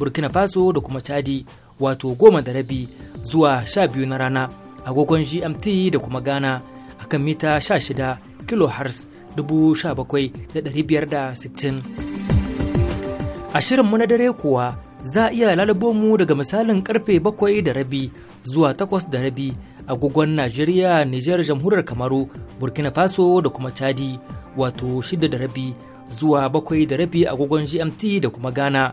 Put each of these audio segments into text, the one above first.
burkina faso da kuma chadi wato goma da rabi zuwa sha biyu na rana agogon gmt da kuma ghana a kan mita sha sha shida dubu bakwai da dari biyar da sittin. a shirinmu na dare kuwa za a iya lalabo mu daga misalin karfe bakwai da rabi zuwa 8 da rabi agogon najeriya nijar jamhuriyar kamaru burkina faso da kuma chadi wato 6 da rabi zuwa 7 da rabi agogon gmt da kuma ghana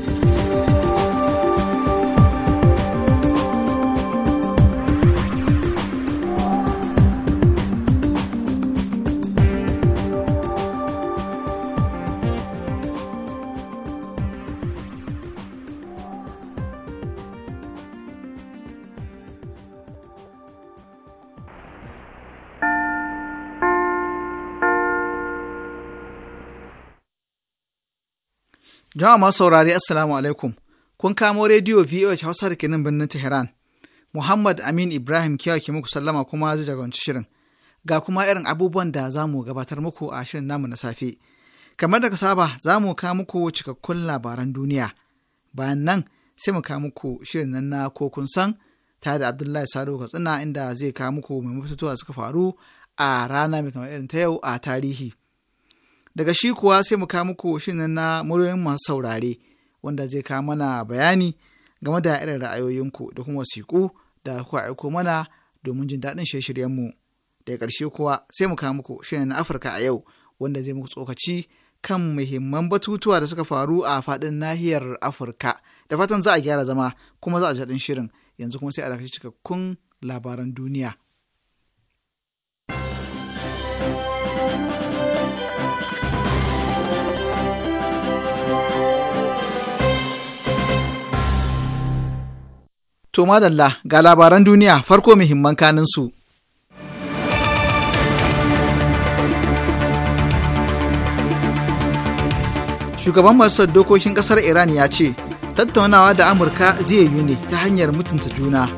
Jama'a masu saurari Assalamu alaikum. Kun kamo rediyo VOH Hausa da ke nan birnin Tehran. Muhammad Amin Ibrahim Kiyawa ke muku sallama kuma zai jagoranci shirin. Ga kuma irin abubuwan da za mu gabatar muku a shirin namu na safe. Kamar da saba za mu kawo muku cikakkun labaran duniya. Bayan nan sai mu kawo muku shirin nan na ko kun san tare da Abdullahi Sadu Katsina inda zai kawo muku mai mafitowa suka faru a rana mai kamar irin ta yau a tarihi. daga shi kuwa sai mu kawo muku ne na muryoyin masu saurare wanda zai kawo mana bayani game da irin ra'ayoyinku da kuma wasiƙu da kuka aiko mana domin jin daɗin shirye-shiryenmu shiryen daga ƙarshe kuwa sai mu kawo muku ne na afirka a yau wanda zai muku tsokaci kan muhimman batutuwa da suka faru a faɗin nahiyar afirka da fatan za a gyara zama kuma za a jaɗin shirin yanzu kuma sai a cikakkun labaran duniya. To madalla ga labaran duniya farko muhimman kanin Shugaban masu dokokin ƙasar Iran ya ce, tattaunawa da Amurka zai yi ne ta hanyar mutunta juna.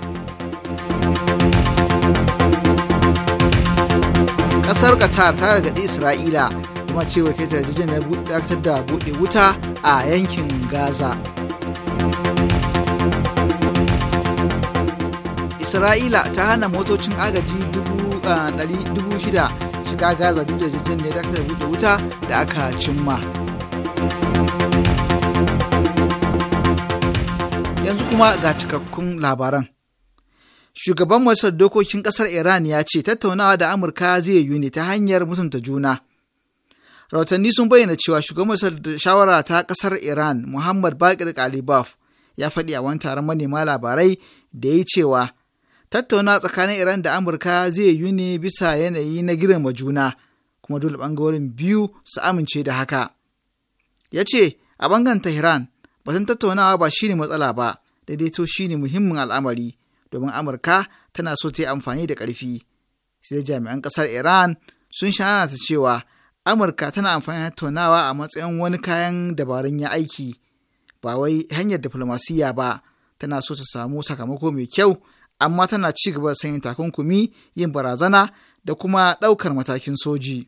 Ƙasar Qatar ta gargaɗi Isra'ila kuma cewa kai ta dakatar da buɗe wuta a yankin Gaza. isra'ila ta hana motocin agaji 6,000 shiga gaza duk da jirgin da buɗe wuta da aka cimma yanzu kuma ga cikakkun labaran shugaban majalisar dokokin kasar iran ya ce tattaunawa da amurka zai yi ne ta hanyar mutunta juna rahotanni sun bayyana cewa shugaban majalisar shawara ta kasar iran muhammad bakir kalibaf ya faɗi a wani taron manema labarai da ya cewa tattauna tsakanin iran da amurka zai yi ne bisa yanayi na girma juna kuma dole bangarorin biyu su amince da haka ya ce a bangan tehran batun tattaunawa ba shi ne matsala ba daidaito ne muhimmin al'amari domin amurka tana so ta yi amfani da ƙarfi sai jami'an ƙasar iran sun shahara ta cewa amurka tana amfani da tattaunawa a matsayin wani kayan dabarun ya aiki ba wai hanyar diflomasiyya ba tana so ta samu sakamako mai kyau amma tana ci gaba da sanya takunkumi yin barazana da kuma ɗaukar matakin soji.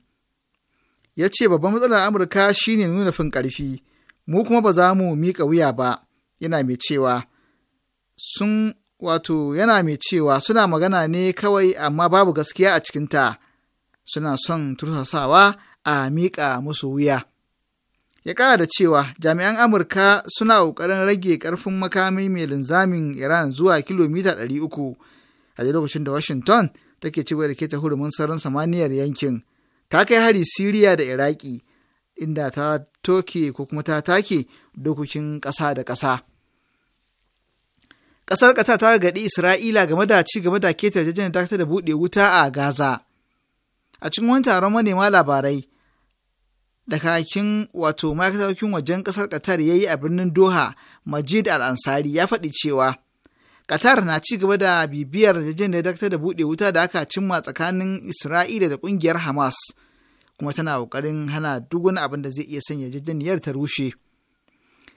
Ya ce babban matsalar Amurka shine nuna fin ƙarfi, mu kuma ba za mu miƙa wuya ba, yana mai cewa. Sun wato yana mai cewa suna magana ne kawai amma babu gaskiya a cikinta, suna son tursasawa a miƙa musu wuya. ya ƙara da cewa jami'an amurka suna ƙoƙarin rage ƙarfin makami mai linzamin iran zuwa kilomita 300 a lokacin da washington take ci da ke ta hurumin sararin samaniyar yankin ta kai hari siriya da iraki inda ta toke ko kuma ta take dokokin ƙasa da ƙasa ƙasar ƙasa ta gaɗi isra'ila game da ci gaba da keta yarjejeniyar dakatar da buɗe wuta a gaza a cikin wani taron manema labarai da kakin wato ma'aikatakin wajen ƙasar Qatar ya yi a birnin Doha, Majid Al-Ansari ya faɗi cewa Qatar na ci gaba da bibiyar da dakta da buɗe wuta da aka cimma tsakanin Isra'ila da ƙungiyar Hamas, kuma tana ƙoƙarin hana duk wani abin da zai iya sanya jajeniyar ta rushe.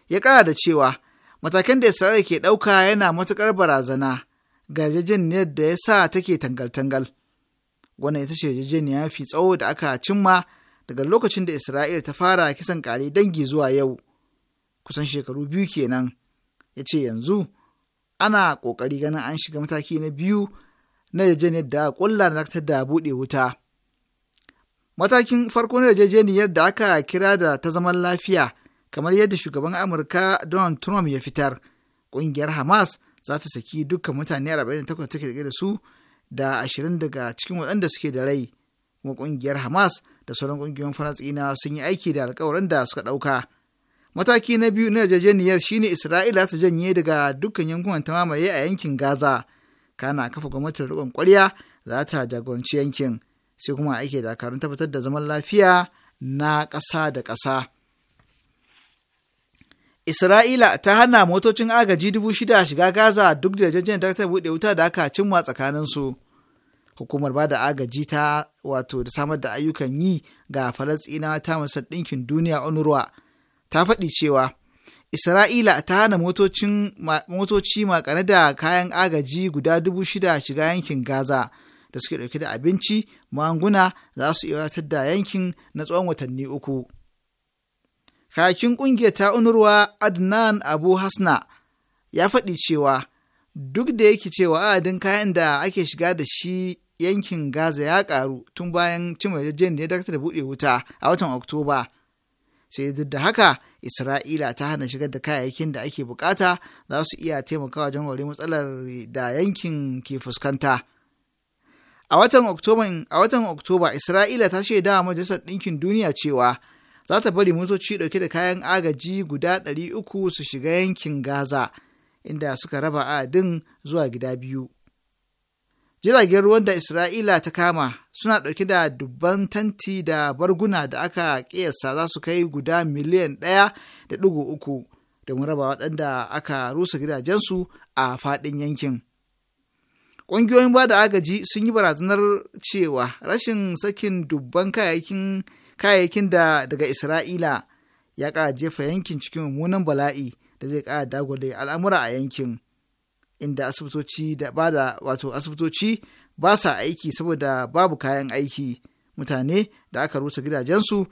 Ya ƙara da cewa matakan da Isra'ila ke ɗauka yana matuƙar barazana ga yarjejeniyar da ya sa take tangal-tangal. Wannan ita ce yarjejeniya fi tsawo da aka cimma daga lokacin da Isra'ila ta fara kisan kare dangi zuwa yau kusan shekaru biyu kenan ya ce yanzu ana ƙoƙari ganin an shiga mataki na biyu na yarjejeniyar da ƙulla na da buɗe wuta. Matakin farko na yarjejeniyar da aka kira da ta zaman lafiya kamar yadda shugaban Amurka Donald Trump ya fitar, ƙungiyar Hamas za ta saki dukkan mutane 48 take da su da 20 daga cikin waɗanda suke da rai, kuma ƙungiyar Hamas da sauran kungiyoyin falasɗina sun yi aiki da alkawarin da suka ɗauka mataki na biyu na yarjejeniyar shine isra'ila ta janye daga dukkan yankunan ta mamaye a yankin gaza kana kafa gwamnatin rikon kwarya za ta jagoranci yankin sai kuma aiki da dakarun tabbatar da zaman lafiya na ƙasa da ƙasa Isra'ila ta hana motocin agaji dubu shida shiga Gaza duk da yarjejeniyar da ta buɗe wuta da aka cimma tsakaninsu. hukumar ba da agaji ta wato da samar da ayyukan yi ga falastina ta masar ɗinkin duniya onurwa ta faɗi cewa isra'ila ta hana motoci makare da kayan agaji guda dubu shida shiga yankin gaza da suke ɗauke da abinci magunguna za su iya watar da yankin na tsawon watanni uku kakin ƙungiyar ta unurwa adnan abu hasna ya faɗi cewa duk da yake cewa adadin kayan da ake shiga da shi yankin Gaza ya karu tun bayan cin yarjejeniyar da dakatar da buɗe wuta a watan Oktoba. Sai duk da haka, Isra'ila ta hana shigar da kayayyakin da ake bukata za su iya taimakawa wajen wari matsalar da yankin ke fuskanta. A watan Oktoba, a watan Oktoba Isra'ila ta shaida wa Majalisar Ɗinkin Duniya cewa za ta bari motoci ɗauke da kayan agaji guda ɗari uku su shiga yankin Gaza, inda suka raba adadin zuwa gida biyu. jiragen ruwan da isra'ila ta kama suna ɗauke da dubban tanti da barguna da aka ƙiyasta za su kai guda miliyan ɗaya da ɗigo uku domin raba waɗanda aka rusa gidajensu a faɗin yankin ƙungiyoyin ba da agaji sun yi barazanar cewa rashin sakin dubban kayayyakin da daga isra'ila ya ƙara jefa yankin cikin mummunan bala'i da zai ƙara dagwale al'amura a yankin inda asibitoci da ba da wato asibitoci ba sa aiki saboda babu kayan aiki mutane da aka rusa gidajensu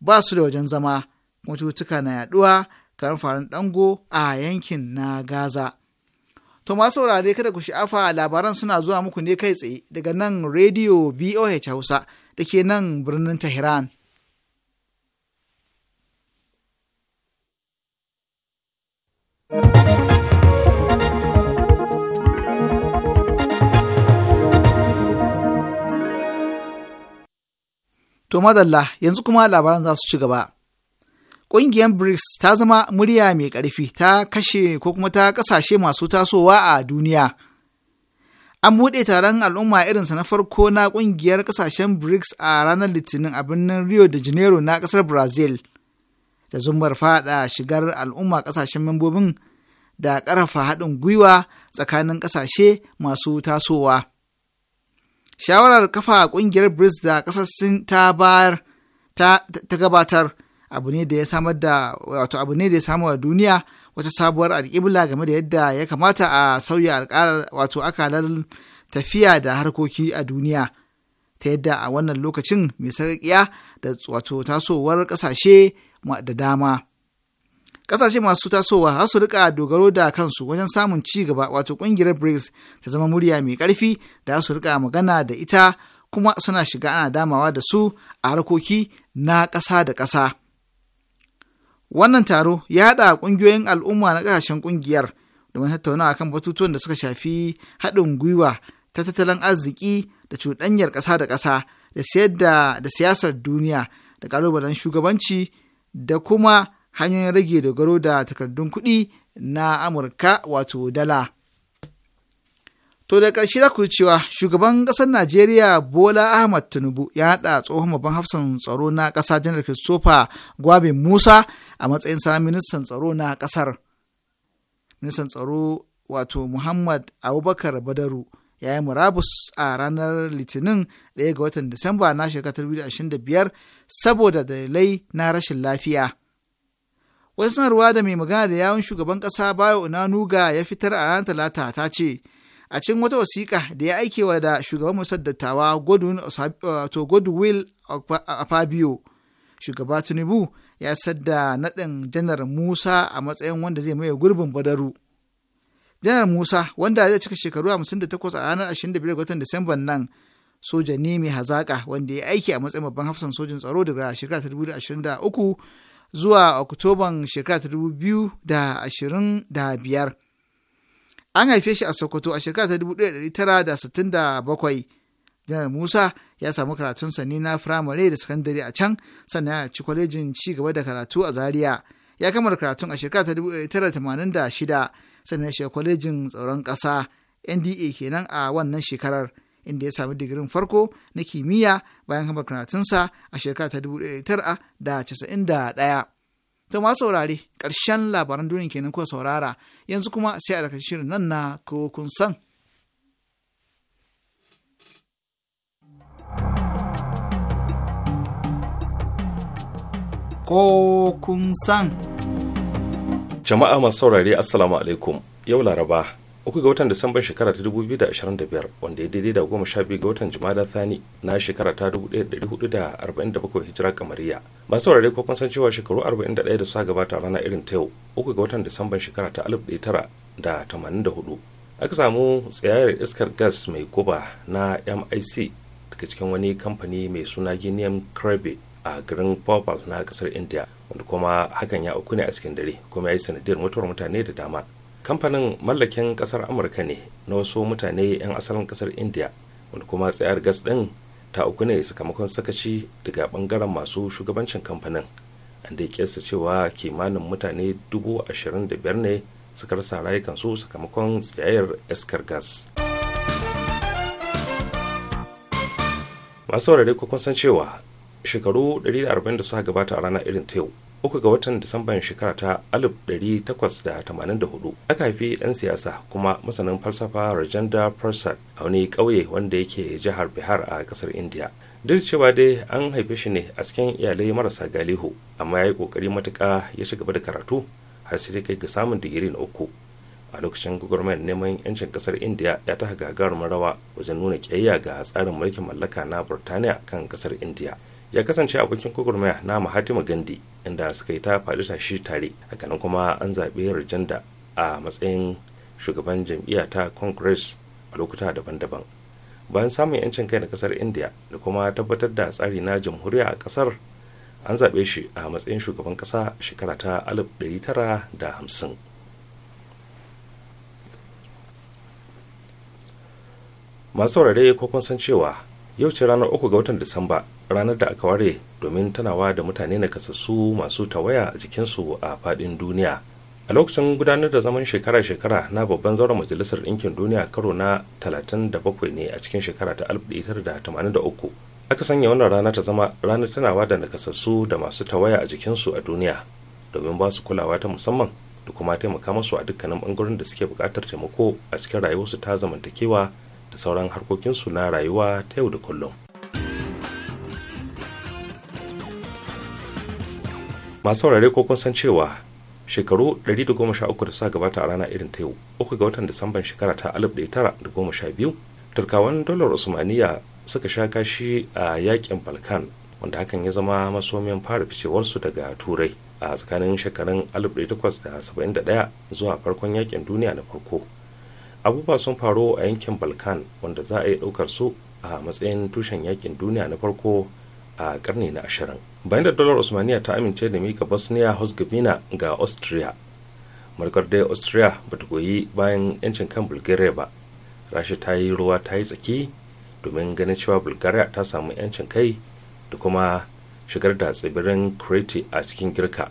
ba su da wajen zama kuma cututtuka na yaduwa kamar farin dango a yankin na gaza to masu saurare kada ku sha'afa labaran suna zuwa muku ne kai tsaye daga nan rediyo boh hausa da ke nan birnin tehran thank you To madalla yanzu kuma labaran za su ci gaba. Ƙungiyar BRICS ta zama murya mai ƙarfi ta kashe ko kuma ta ƙasashe masu tasowa a duniya. An buɗe taron al'umma irinsa na farko na ƙungiyar ƙasashen BRICS a ranar Litinin a birnin Rio de Janeiro na ƙasar Brazil. Da zumbar faɗa shigar al'umma ƙasashen membobin da ƙarfafa haɗin gwiwa tsakanin ƙasashe masu tasowa. shawarar kafa ƙungiyar brics da kasar sin ta bayar ta gabatar abu ne da ya samar da wato abu ne da ya samu wa duniya wata sabuwar alƙibla game da yadda ya kamata a sauya alƙalar wato akalar tafiya da harkoki a duniya ta yadda a wannan lokacin mai sarƙiya da wato tasowar ƙasashe da dama Ƙasashe masu tasowa har su rika dogaro da kansu wajen samun ci gaba wato ƙungiyar BRICS ta zama murya mai karfi da su rika magana da ita kuma suna shiga ana damawa da su a harkoki na ƙasa da ƙasa. Wannan taro ya haɗa ƙungiyoyin al'umma na ƙasashen ƙungiyar domin tattaunawa kan batutuwan da suka shafi haɗin gwiwa ta tattalin arziki da cuɗanyar ƙasa da ƙasa da da siyasar duniya da ƙalubalen shugabanci da kuma hanyoyin rage dogaro da takardun kuɗi na amurka wato dala to da ƙarshe za ku cewa shugaban ƙasar najeriya bola ahmad tinubu ya haɗa tsohon babban hafsan tsaro na ƙasa janar christopher gwabe musa a matsayin sa ministan tsaro na ƙasar ministan tsaro wato muhammad abubakar badaru ya yi murabus a ranar litinin 1 ga watan disamba na shekarar 2025 saboda dalilai na rashin lafiya Wata sanarwa da mai magana da yawun shugaban kasa Bayo ga ya fitar a ranar Talata ta ce, a cikin wata wasiƙa da ya aikewa da shugaban musar dattawa Godwin Afabio, shugaba Tinubu ya sadda naɗin janar Musa a matsayin wanda zai maye gurbin Badaru. Janar Musa, wanda zai cika shekaru 58 a ranar 25 watan Disamban nan, soja ne mai hazaƙa wanda ya aiki a matsayin babban hafsan sojin tsaro daga shekara 2023 zuwa Oktoban shekara ta dubu biyu da ashirin da biyar. An haife shi a Sokoto a shekara ta dubu ɗaya tara da sittin da bakwai. Janar Musa ya samu karatunsa ne na firamare da sakandare a can sannan ya ci kwalejin ci gaba da karatu a Zaria. Ya kammala karatun a shekara ta dubu ɗaya tara tamanin da shida sannan ya shiga kwalejin tsaron ƙasa NDA kenan a wannan shekarar. inda ya sami digirin farko na kimiyya bayan kammala karatunsa a shekara ta 1991. To ma saurare ƙarshen labaran duniya kenan kuwa saurara yanzu kuma sai a daga shirin nan na ko kun san. Ko kun san. Jama'a masu saurare Assalamu alaikum yau Laraba uku ga watan disamban shekara ta 2025 wanda ya daidai da goma sha biyu ga watan jumada thani na shekara ta 1447 hijira kamariya masu saurare ko kun san cewa shekaru 41 da suka gabata rana irin ta yau uku ga watan disamban shekara ta 1984 aka samu tsayayyar iskar gas mai guba na mic daga cikin wani kamfani mai suna guinean kirby a garin popal na kasar India wanda kuma hakan ya auku ne a cikin dare kuma ya yi sanadiyar mutuwar mutane da dama kamfanin mallakin kasar amurka ne na wasu mutane 'yan asalin kasar india wanda kuma tsayar gas din ta uku ne sakamakon sakaci daga bangaren masu shugabancin kamfanin an da kesa cewa kimanin mutane 25,000 ne suka rasa rayukansu sakamakon tsayayyar iskar gas masu wadda kun san cewa shekaru 140 da suka gabata a rana irin ta yau uku ga watan disamban shekara ta 1884 aka haifi ɗan siyasa kuma masanin falsafa rajendra prasad a wani ƙauye wanda yake jihar bihar a ƙasar india duk cewa dai an haife shi ne a cikin iyalai marasa galihu amma ya yi ƙoƙari matuƙa ya ci gaba da karatu har sai kai ga samun digiri na uku a lokacin gwagwarmayar neman yancin ƙasar india ya ta gagarumar rawa wajen nuna ƙiyayya ga tsarin mulkin mallaka na burtaniya kan ƙasar india ya kasance abokin gwagwarmaya na Mahatma gandhi inda suka yi ta faɗi tashi tare hakanan kuma an zaɓi rajanda a matsayin shugaban jam'iyya ta congress a lokuta daban-daban bayan samun yancin kai na kasar india da kuma tabbatar da tsari na jamhuriya a kasar an zaɓe shi a matsayin shugaban ƙasa shekara ta 1950 masu saurare ko kun san cewa yau ce ranar 3 ga watan disamba ranar da aka ware domin tanawa da mutane na kasassu masu tawaya a jikinsu a fadin duniya a lokacin gudanar da zaman shekara-shekara na babban zauren majalisar ɗinkin duniya karo na 37 ne a cikin shekara ta 1983 aka sanya wannan rana ta zama ranar tanawa da nakasassu da masu tawaya a jikinsu a duniya domin ba su kulawa ta musamman da kuma taimaka musu a dukkanin bangaren da suke buƙatar taimako a cikin rayuwarsu ta zamantakewa da sauran harkokinsu na rayuwa ta yau da kullum masu saurare ko kun san cewa shekaru 113 da suka gabata a rana irin ta yau uku ga watan disamban shekara ta 1912 turkawan dolar usmaniya suka sha kashi a yakin balkan wanda hakan ya zama masomin fara ficewarsu daga turai a tsakanin shekarun 1871 zuwa farkon yakin duniya na farko abubuwa sun faru a yankin balkan wanda za a yi ɗaukar su a matsayin tushen yakin duniya na farko a karni na ashirin bayan da dalar usmaniya ta amince da mika bosnia herzegovina ga austria markar dai austria ba ta goyi bayan yancin kan bulgaria ba rashi ta yi ruwa ta yi tsaki domin ganin cewa bulgaria ta samu yancin kai da kuma shigar da tsibirin kreti a cikin girka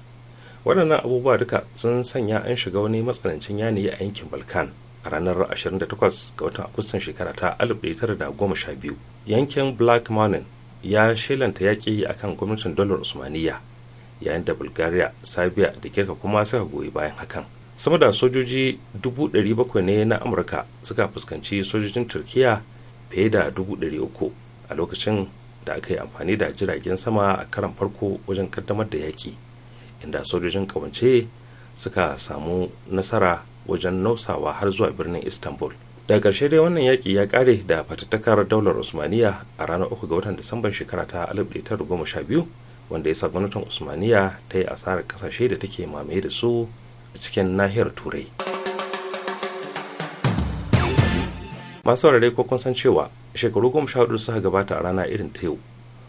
waɗannan abubuwa duka sun sanya an shiga wani matsanancin yanayi a yankin balkan a ranar 28 ga watan agustan shekara ta 1912 yankin black mountain ya shelanta yaƙi a kan gwamnatin dolar usmaniya yayin da bulgaria serbia da girka kuma suka goyi bayan hakan sama da sojoji 700,000 ne na amurka suka fuskanci sojojin turkiya fiye da 300,000 a lokacin da aka yi amfani da jiragen sama a karan farko wajen kaddamar da yaƙi inda sojojin ƙawance suka samu nasara wajen nausawa har zuwa birnin istanbul daga ƙarshe dai wannan yaƙi ya ƙare da fatattakar daular usmaniya a ranar 3 ga watan disamban shekara ta 1912 wanda ya sa gwamnatin usmaniya ta yi asarar ƙasashe da take mamaye da su a cikin nahiyar turai masu warare ko kun san cewa shekaru goma sha hudu suka gabata a rana irin ta yau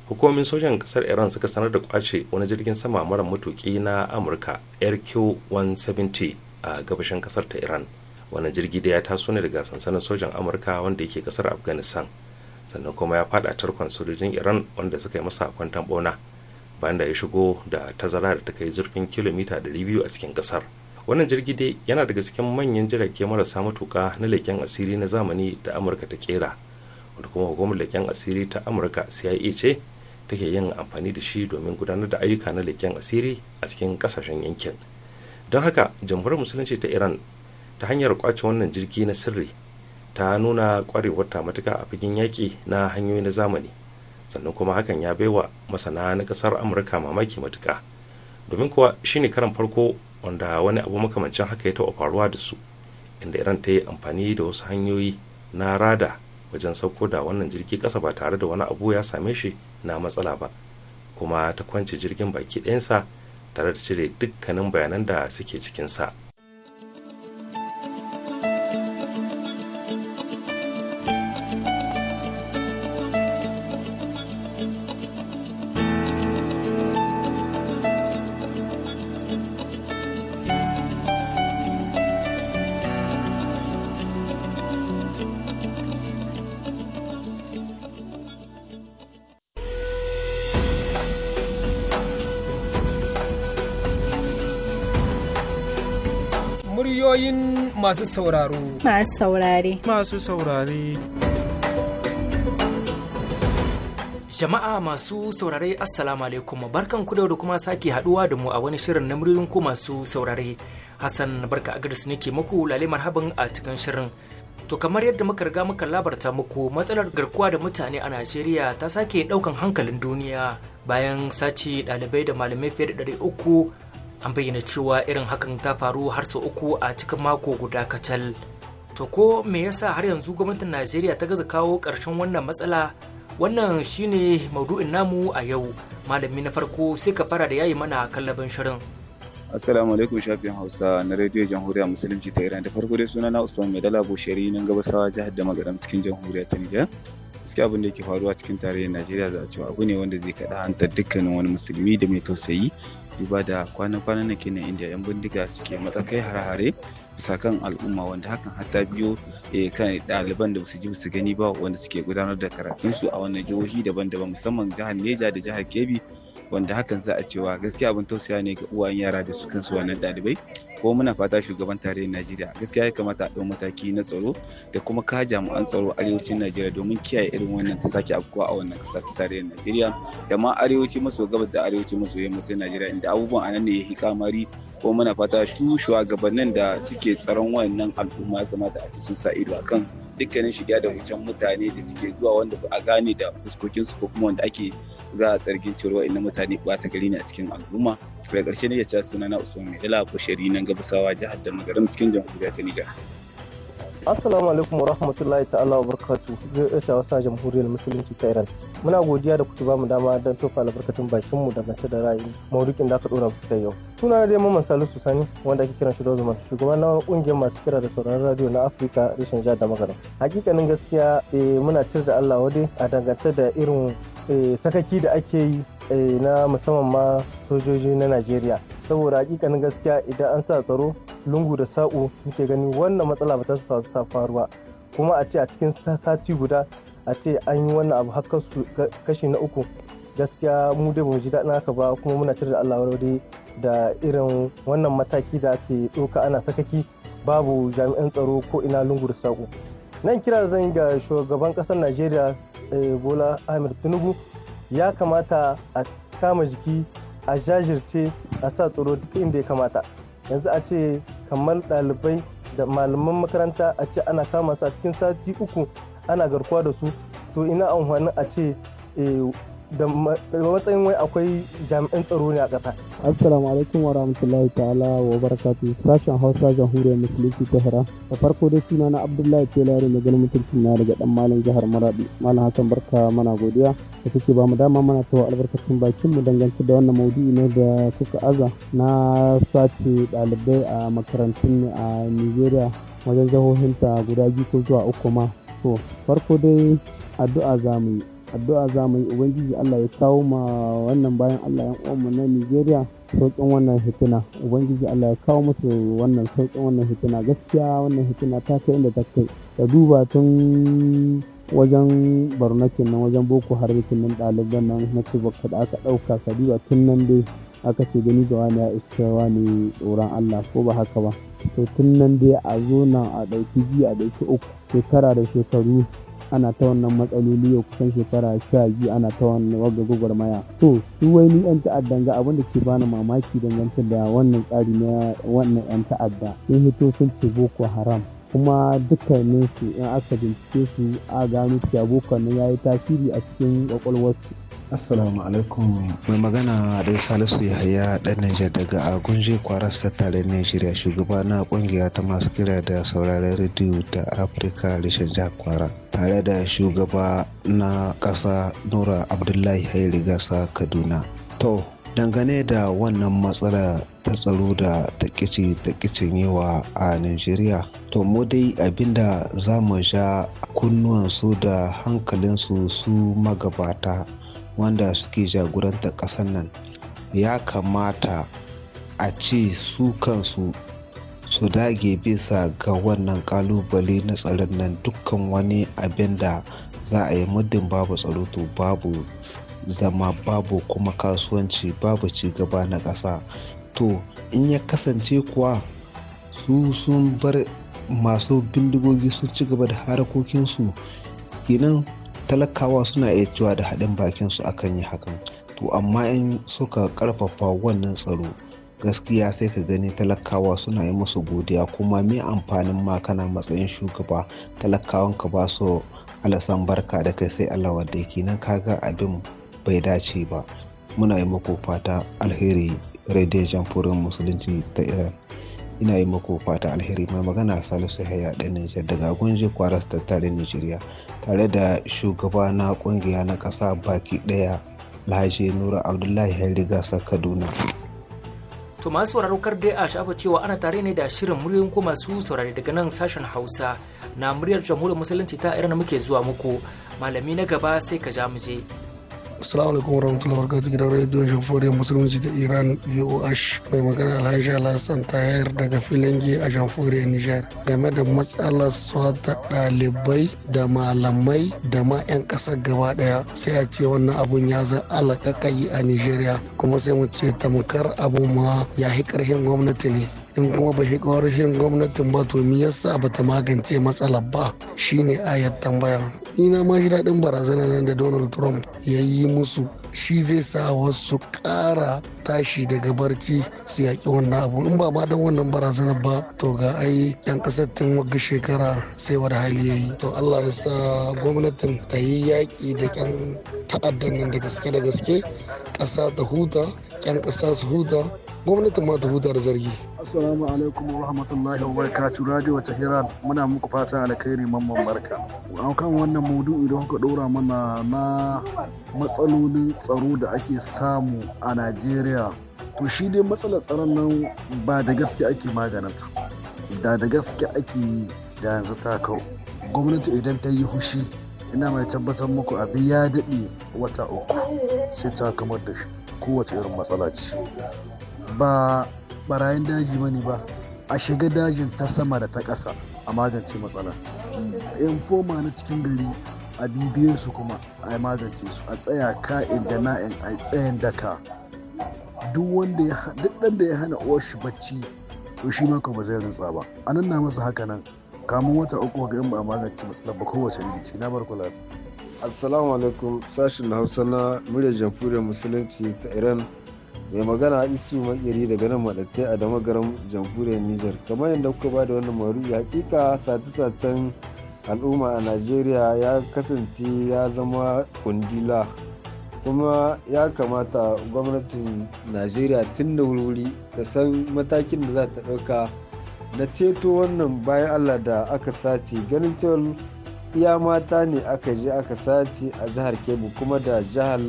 hukumomin sojan kasar iran suka sanar da kwace wani jirgin sama mara matuki na amurka rq 170 a gabashin kasar ta iran wannan jirgi da ya taso ne daga sansanin sojan amurka wanda yake kasar afghanistan sannan kuma ya fada tarkon sojojin iran wanda suka yi masa kwantan bona bayan da ya shigo da tazara da ta kai zurfin kilomita 200 a cikin kasar wannan jirgi dai yana daga cikin manyan jirage marasa matuka na leken asiri na zamani da amurka ta kera wanda kuma hukumar leken asiri ta amurka cia ce take yin amfani da shi domin gudanar da ayyuka na leken asiri a cikin kasashen yankin don haka jamhuriyar musulunci ta iran ta hanyar kwace wannan jirgi na sirri ta nuna kwarewar ta matuka a fagen yaƙi na hanyoyi na zamani sannan kuma hakan ya baiwa masana na ƙasar amurka mamaki matuka domin kuwa shine karan farko wanda wani abu makamancin haka ya taɓa faruwa da su inda iran ta yi amfani da wasu hanyoyi na rada wajen sauko da wannan jirgi ƙasa ba tare da wani abu ya same shi na matsala ba kuma ta kwance jirgin baki ɗayansa tare da cire dukkanin bayanan da suke cikinsa masu sauraro. Masu saurare. Masu saurare. Jama'a masu saurare Assalamu alaikum barkan ku da kuma sake haduwa da mu a wani shirin na muryoyin ku masu saurare. Hassan barka agris ne ke muku lale marhaban a cikin shirin. To kamar yadda muka riga muka labarta muku matsalar garkuwa da mutane a Najeriya ta sake daukan hankalin duniya bayan sace dalibai da malamai fiye da uku. an bayyana cewa irin hakan ta faru har sau uku a cikin mako guda kacal to ko me yasa har yanzu gwamnatin najeriya ta gaza kawo karshen wannan matsala wannan shine maudu'in namu a yau malami na farko sai ka fara da yayi mana kallabin shirin Assalamu alaikum shafin Hausa na Radio Jamhuriyar Musulunci ta Iran da farko dai sunana Usman Maidala Bushari nan gabasawa jihar da magaram cikin Jamhuriyar ta Nijar. gaskiya abin da yake faruwa cikin tarayyar najeriya za a cewa abu ne wanda zai kaɗa hantar dukkanin wani musulmi da mai tausayi duba da kwanan-kwanan na kenan inda 'yan bindiga suke matsakai hare-hare bisa kan al'umma wanda hakan hatta biyo eh, kan ɗaliban da basu ji basu gani ba wanda suke gudanar da karatunsu a wannan jihohi daban-daban musamman jihar neja da jihar kebbi wanda hakan za a cewa gaskiya abin tausaya ne ga uwayen yara da su kansu wannan ɗalibai ko muna fata shugaban tarayyar najeriya gaskiya ya kamata a ɗau mataki na tsaro da kuma ka jami'an tsaro arewacin najeriya domin kiyaye irin wannan ta sake afkuwa a wannan ƙasa ta tarayyar najeriya da ma arewaci maso gabas da arewaci maso yammacin najeriya inda abubuwan a nan ne ya yi kamari ko muna fata su shugabannin da suke tsaron wannan al'umma ya kamata a ce sun sa ido akan dukkanin shiga da wucen mutane da suke zuwa wanda ba a gane da fuskokinsu ko kuma wanda ake za a zargin cewa ina mutane bata gari ne a cikin al'umma daga ƙarshe ne ya ca suna na usman mai dala shari nan gabasawa jihar da magaram cikin jamhuriyar ta nijar Assalamu alaikum wa rahmatullahi ta'ala wa barakatu zai iya shawar sa jamhuriyar musulunci ta Iran. Muna godiya da kuke bamu dama don tofa albarkatun bakin mu da mace da ra'ayi maudukin da aka dora mu sai yau. Suna da yamma Salisu Sani wanda ake kiran shi da Zuman shugaban na kungiyar masu kira da sauraron radio na Afirka rashin jihar da magana Hakikanin gaskiya eh, muna cire da Allah wade a dangance da irin Eh, sakaki da ake yi eh, na musamman ma sojoji na najeriya saboda hakikanin gaskiya idan an sa tsaro lungu da saƙo muke gani wannan matsala ba ta sa faruwa kuma a ce a cikin sati guda a ce an yi wannan abu har kashi na uku gaskiya mu dai ba mu ji daɗin haka ba kuma muna cire da allah da irin wannan mataki da ake ɗauka ana sakaki babu jami'an tsaro ko ina lungu da saƙo. nan kira zan ga shugaban kasar najeriya eh, bola ahmed tinubu ya kamata a kama jiki a jajirce a sa tsoro duk inda ya kamata yanzu a ce kamar ɗalibai da malaman makaranta a ce ana kama su a cikin sati uku ana garkuwa da su to ina amfani a ce eh, da matsayin wai akwai jami'an tsaro ne a ƙasa. Assalamu alaikum wa rahmatullahi ta'ala wa barakatu sashen Hausa jamhuriyar Musulunci ta Hira. Da farko dai suna na Abdullahi Telari mai ganin mutuncin na daga dan malam jihar Maradi. Malam Hassan barka mana godiya da kuke ba mu dama mana ta albarkacin bakin mu dangance da wannan maudu'i ne da kuka aza na sace ɗalibai a makarantun a Nigeria wajen jihohinta guda biyu ko zuwa uku ma. To farko dai addu'a za mu yi addu'a za mu yi ubangiji allah ya kawo ma wannan bayan allah yan uwanmu na nigeria saukin wannan hituna ubangiji allah ya kawo musu wannan sauƙin wannan hituna gaskiya wannan hituna ta kai inda ta kai ka duba tun wajen barnakin nan wajen boko harbikin nan ɗaliban nan na cibaka da aka ɗauka ka duba tun nan dai aka ce gani da wani ya isa wani tsoron allah ko ba haka ba to tun nan dai a zo na a ɗauki biyu a ɗauki uku shekara da shekaru ana ta wannan matsaloli yau kusan shekara sha biyu ana ta wannan wagga gwagwarmaya to su wai ni yan ta'addan ga abin da ke bani mamaki dangantar da wannan tsari na wannan yan ta'adda sun hito sun ce boko haram kuma dukkaninsu in aka bincike su a gano cewa boko nan ya yi tasiri a cikin kwakwalwarsu Assalamu alaikum mai magana da Salisu Yahaya ɗan Nijar daga agunji Kwaras ta tare Nijeriya shugaba na kungiya ta masu kira da sauraren rediyo ta Afirka Rishin Kwara tare da shugaba na ƙasa Nura Abdullahi Hairi Gasa Kaduna. To, dangane da wannan matsala ta tsaro da takici takicin yawa a Najeriya. To mu dai abinda za mu sha kunnuwansu da hankalinsu su magabata wanda suke jagorantar ƙasar nan ya kamata a ce su kansu su dage bisa ga wannan kalubale na tsaron nan dukkan wani abin da za a yi muddin babu tsaro to babu zama babu kuma kasuwanci babu ci gaba na ƙasa to in ya kasance kuwa su sun bar masu bindigogi sun ci gaba da harkokinsu ginin talakawa suna iya cewa da haɗin bakin su akan yi hakan to amma in suka karfafa wannan tsaro gaskiya sai ka gani talakawa suna yi musu godiya kuma me amfanin ma kana matsayin shugaba talakawan ka ba su alasan barka da kai sai allah wadda yake nan kaga abin bai dace ba muna yi muku fata alheri rediyon furin musulunci ta iran ina yi mako fata alheri mai magana salisu haya da nijar daga gunji kwaras tattare nijeriya tare da shugaba na kungiya na kasa baki daya lahaji nura abdullahi hariga kaduna to masu sauraro kar dai a shafa cewa ana tare ne da shirin muryoyin ko masu saurari daga nan sashen hausa na muryar jamhuriyar musulunci ta irin muke zuwa muku malami na gaba sai ka ja mu je Assalamu alaikum warahmatullahi wabarakatuh gidan rediyon Jamhuriyar Musulunci ta Iran VOH mai magana Alhaji Alhassan Tahir daga Filinge a Jamhuriyar Nijar game da matsalar ta ɗalibai da malamai da ma 'yan ƙasar gaba ɗaya sai a ce wannan abun ya zan alaƙaƙayi a Nijeriya kuma sai mu ce tamkar abu ma ya hi ƙarfin gwamnati ne. in kuma ba shi rashin gwamnatin ba to mi yasa ba ta magance matsalar ba shine ayat tambaya ni na ma shi daɗin barazana nan da donald trump ya yi musu shi zai sa wasu ƙara tashi daga barci su yaƙi wannan abu in ba ma don wannan barazana ba to ga ai yan ƙasar tun wagga shekara sai wani hali ya yi to allah ya sa gwamnatin ta yi yaƙi da yan ta'addan nan da gaske da gaske ƙasa ta huta yan ƙasa su huta gwamnatin ma ta huta da zargi assalamu alaikum wa rahmatullahi wa barakatuh radio tehran muna muku fata alkhairi mamman barka kan wannan maudu'i da kuka dora mana na matsalolin tsaro da ake samu a najeriya to shi dai matsalar tsaron nan ba da gaske ake maganata da da gaske ake da yanzu ta kau gwamnati idan ta yi hushi ina mai tabbatar muku abin ya daɗe wata uku sai ta kamar da shi kowace irin matsala ce ba barayin daji bane ba a shiga dajin ta sama da ta ƙasa a magance matsala in foma na cikin gari a bibiyar su kuma a magance su a tsaya ka'in da na'in a tsayin daka duk wanda ya duk da ya hana uwar shi bacci to shi ma ba zai rantsa ba a na masa haka nan kamun wata uku ga in ba a magance matsalar ba kowace rikici na bar kula assalamu alaikum sashin hausa na muryar jamhuriyar musulunci ta iran mai magana isu makeri daga nan maɗattai a dama garin jamhuriyar niger kamar yadda kuka ba da wannan maru'i hakika sace-sacen al'umma a nigeria ya kasance ya zama kundila kuma ya kamata gwamnatin nigeria tun da wuri ta san matakin da za ta ɗauka na ceto wannan bayan allah da aka sace ganin cewa iya mata ne aka je aka sace a jihar kebbi kuma da jihar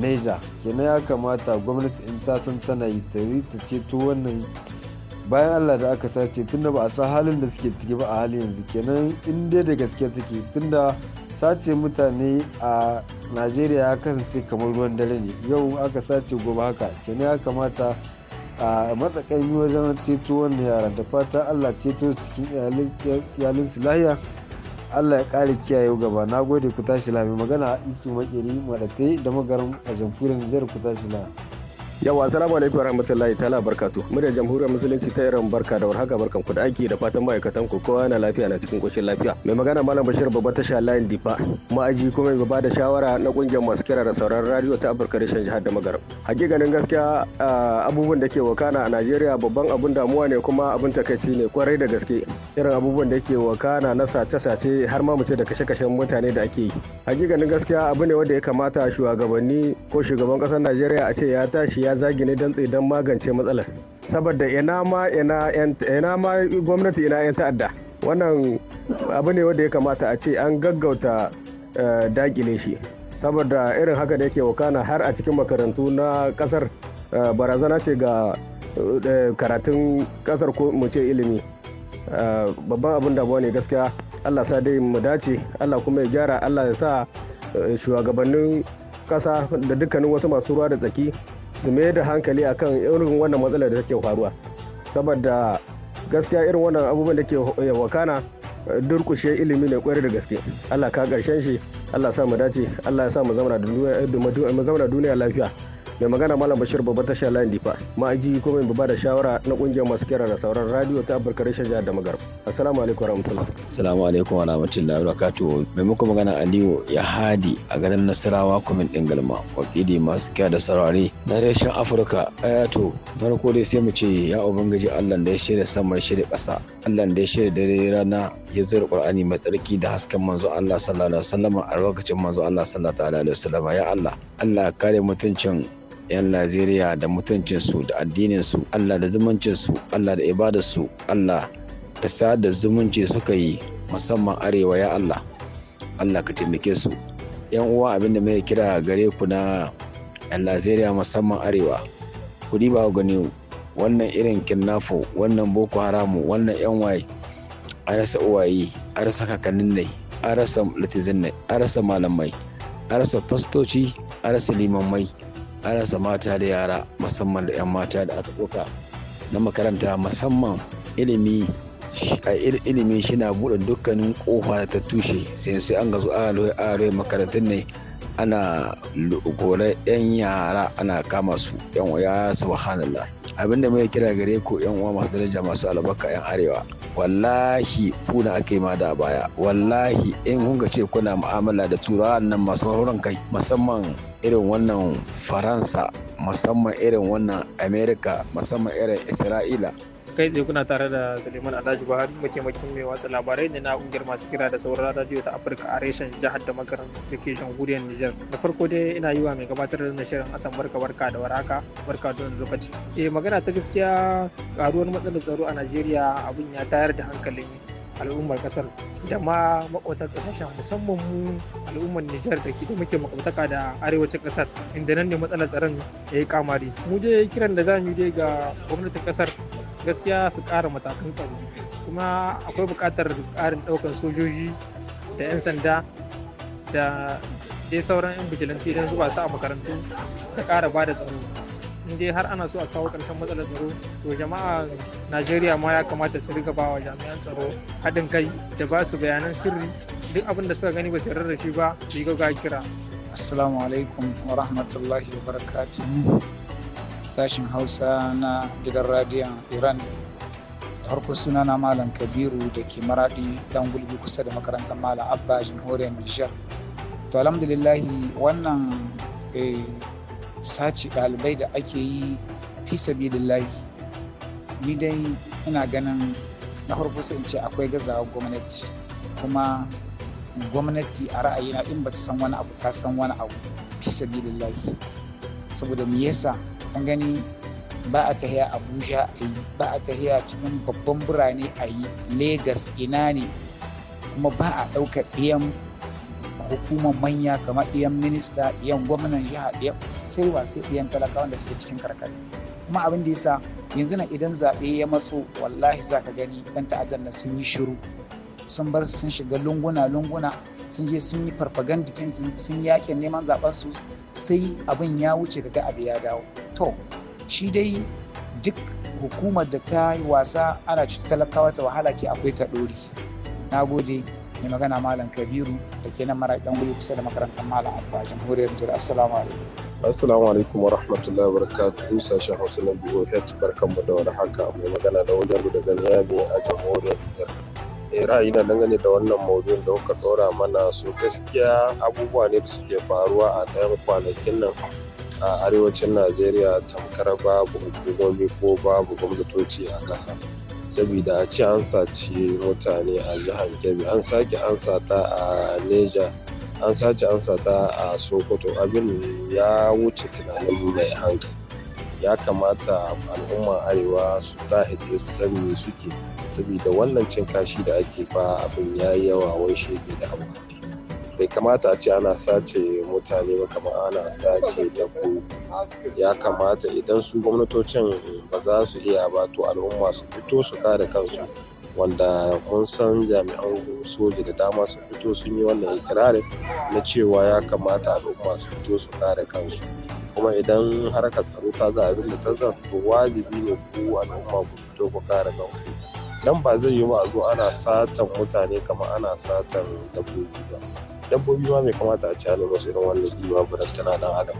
neja kenan ya kamata gwamnati in ta san tana yi ta yi ta ceto wannan bayan allah da aka sace tunda ba a san halin da suke ciki ba a halin yanzu kenan in dai da gaske take tunda sace mutane a najeriya ya kasance kamar ruwan dare ne yau aka sace gobe haka kenan ya kamata a matsakaimi wajen ceto wannan yara da fatan allah ceto su cikin iyalinsu lahiya Allah ya kare kiyaye gaba na gode ku tashi lami magana isu makeri madatai da magaran a jamhuriyar Nijar ku lami yawa assalamu alaikum warahmatullahi ta'ala barkatu muryar jamhuriyar musulunci ta iran barka da warhaka barkan ku da aiki da fatan ma'aikatan ku kowa na lafiya na cikin koshin lafiya mai magana malam bashir babba tasha layin difa ma'aji kuma mai ba shawara na kungiyar masu kira da sauran radio ta afirka reshen jihar da magarab hakikanin gaskiya abubuwan da ke wakana a najeriya babban abun damuwa ne kuma abun takaici ne kwarai da gaske irin abubuwan da ke wakana na sace-sace har ma mu ce da kashe-kashen mutane da ake yi hakikanin gaskiya abu ne wanda ya kamata shugabanni ko shugaban kasar najeriya a ce ya tashi ya zagi ne dantse don magance matsalar saboda ina ma ina ma gwamnati ina 'yan ta'adda wannan abu ne wanda ya kamata a ce an gaggauta eh, dakile shi saboda irin haka da yake wakana har a cikin makarantu na kasar eh, barazana ce ga eh, karatun kasar ko mu ce ilimi babban abin da ne gaskiya allah sa dai mu dace allah kuma ya gyara allah ya sa shugabannin kasa da dukkanin wasu masu ruwa da tsaki su mai da hankali akan irin wannan matsalar da take faruwa saboda gaskiya irin wannan abubuwan da ke eh, wakana eh, durkushe ilimi ne kwarai da gaske Allah ka karshen shi Allah sa mu dace Allah ya sa mu zauna eh, duniya lafiya mai magana malam bashir babbar tashar layin difa ma'aji ko mai ba da shawara na kungiyar masu kera da sauran radio ta afirka rashin jihar da magar assalamu alaikum rahmatullah assalamu alaikum wa wabarakatuh mai muku magana aliyu ya hadi a garin nasarawa kwamin din galma wakili masu kera da saurare na reshen afirka ayato eh, farko dai sai mu ce ya ubangiji allah da ya shirya sama ya shirya ƙasa allah da ya shirya dare rana ya zura qur'ani mai tsarki da hasken manzo allah sallallahu alaihi wasallam a lokacin manzo allah sallallahu alaihi wasallam ya allah allah kare mutuncin 'yan Najeriya da mutuncinsu da addininsu Allah da zumuncinsu Allah da ibadarsu Allah da sa'ad da zumunci suka yi musamman arewa ya Allah Allah ka taimake su yan uwa abinda mai kira gare ku na 'yan Najeriya musamman arewa ku riba gani wannan irin kinnafo wannan boko haramu wannan yan waye rasa uwaye A rasa kakannin ne a rasa litizin ne rasa malamai A rasa fastoci A rasa limammai an mata da yara musamman da 'yan mata da aka ɗauka na makaranta musamman ilimi a ilimi na buɗe dukkanin ƙofa ta tushe sai sai an gazo aroe makarantun ne ana gore 'yan yara ana kama su 'yan waya subhanallah abinda mai kira gare ku yan uwa masu daraja masu albarka yan arewa wallahi kuna ake ma da baya wallahi in kun ce kuna mu'amala da turawan nan masu horon kai musamman irin wannan faransa musamman irin wannan amerika musamman irin isra'ila kai tsaye kuna tare da Suleiman Alhaji Buhari mataimakin mai watsa labarai ne na kungiyar masu kira da sauran radio ta Afirka a reshen jihar da makarin da ke Nijar. Da farko dai ina yi wa mai gabatar da shirin Hassan barka barka da waraka barka don lokaci. Eh magana ta gaskiya karuwar matsalar tsaro a Najeriya abin ya tayar da hankalin al'ummar kasar da ma makwatar kasashen musamman mu al'ummar Nijar da da muke makwataka da arewacin kasar inda nan ne matsalar tsaron ya yi kamari mu dai kiran da za mu dai ga gwamnatin kasar gaskiya su ƙara matakan tsaro kuma akwai buƙatar ƙarin ɗaukar sojoji da 'yan sanda da dai sauran 'yan bijilanti don zuba su a makarantu da ƙara ba da tsaro in dai har ana so a kawo ƙarshen matsalar tsaro to jama'a najeriya ma ya kamata su riga bawa jami'an tsaro haɗin kai da ba su bayanan sirri duk abin da suka gani ba su yarda da ba su yi gaggawa kira assalamu alaikum wa rahmatullahi wa barakatuh sashin hausa na gidan radiyon iran da harko suna na malam kabiru da ke Maraɗi dan gulbi kusa da makarantar malam abba jamhuriyar nijar to alhamdulillahi wannan eh, sace ɗalibai da ake yi fi sabidillahi ni dai ina ganin na farko sai in ce akwai gazawa gwamnati kuma gwamnati a ra'ayi na in ba ta san wani abu ta san wani abu fi lahi. saboda me yasa an gani ba a tahiya abuja a yi ba a tahiya cikin babban birane a yi Legas ina ne kuma ba a ɗaukar ɗiyan hukumar manya kamar ɗiyan minista ɗiyan gwamnan jiha ɗiyan sai wasai ɗiyan talakawan da suke cikin karkara kuma abin da yasa yanzu na idan zaɓe ya matso wallahi za ka gani ɗan ta'addar na sun yi shiru sun bar sun shiga lunguna lunguna sun je sun yi farfaganda sun yaƙe neman zaɓen su sai abin ya wuce ga abu ya dawo to shi dai duk hukumar da ta yi wasa ana cuta talakawa ta wahala ke akwai ta ɗori na gode mai magana malam kabiru da ke nan maraƙi ɗan kusa da makarantar malam abba jamhuriyar jira assalamu alaikum assalamu alaikum wa rahmatullahi wa barakatuhu sashen hausa na biyu het barkan mu da wani haka mai magana da wajen daga miami a jamhuriyar jira eh ra'ayi na dangane da wannan maudu'in da kuka ɗora mana su gaskiya abubuwa ne da suke faruwa a ɗayan kwanakin nan a arewacin najeriya tamkar babu hukumomi ko babu gwamnatoci a ƙasa saboda a ce an saci mutane a jihar kebbi an sake an sata a neja an sace an sata a sokoto abin ya wuce tunanin mai hankali ya kamata al'umma arewa su ta hitse su san me suke saboda wannan cin kashi da ake fa abin ya yi yawa wai shege da hauka bai kamata a ce ana sace mutane ba kamar ana sace ku ya kamata idan su gwamnatocin ba za su iya ba to al'umma su fito su kare kansu wanda mun san jami'an soja da dama su fito sun yi wannan ikirarin na cewa ya kamata al'umma su fito su kare kansu kuma idan harkar tsaro ta ga abin da ta to wajibi ne ku al'umma ku fito ku kare kanku dan ba zai yi ba a zo ana satan mutane kamar ana satan dabbobi ba dabbobi ma bai kamata a ci hannu ba sai irin wannan ɗiba barantana ɗan adam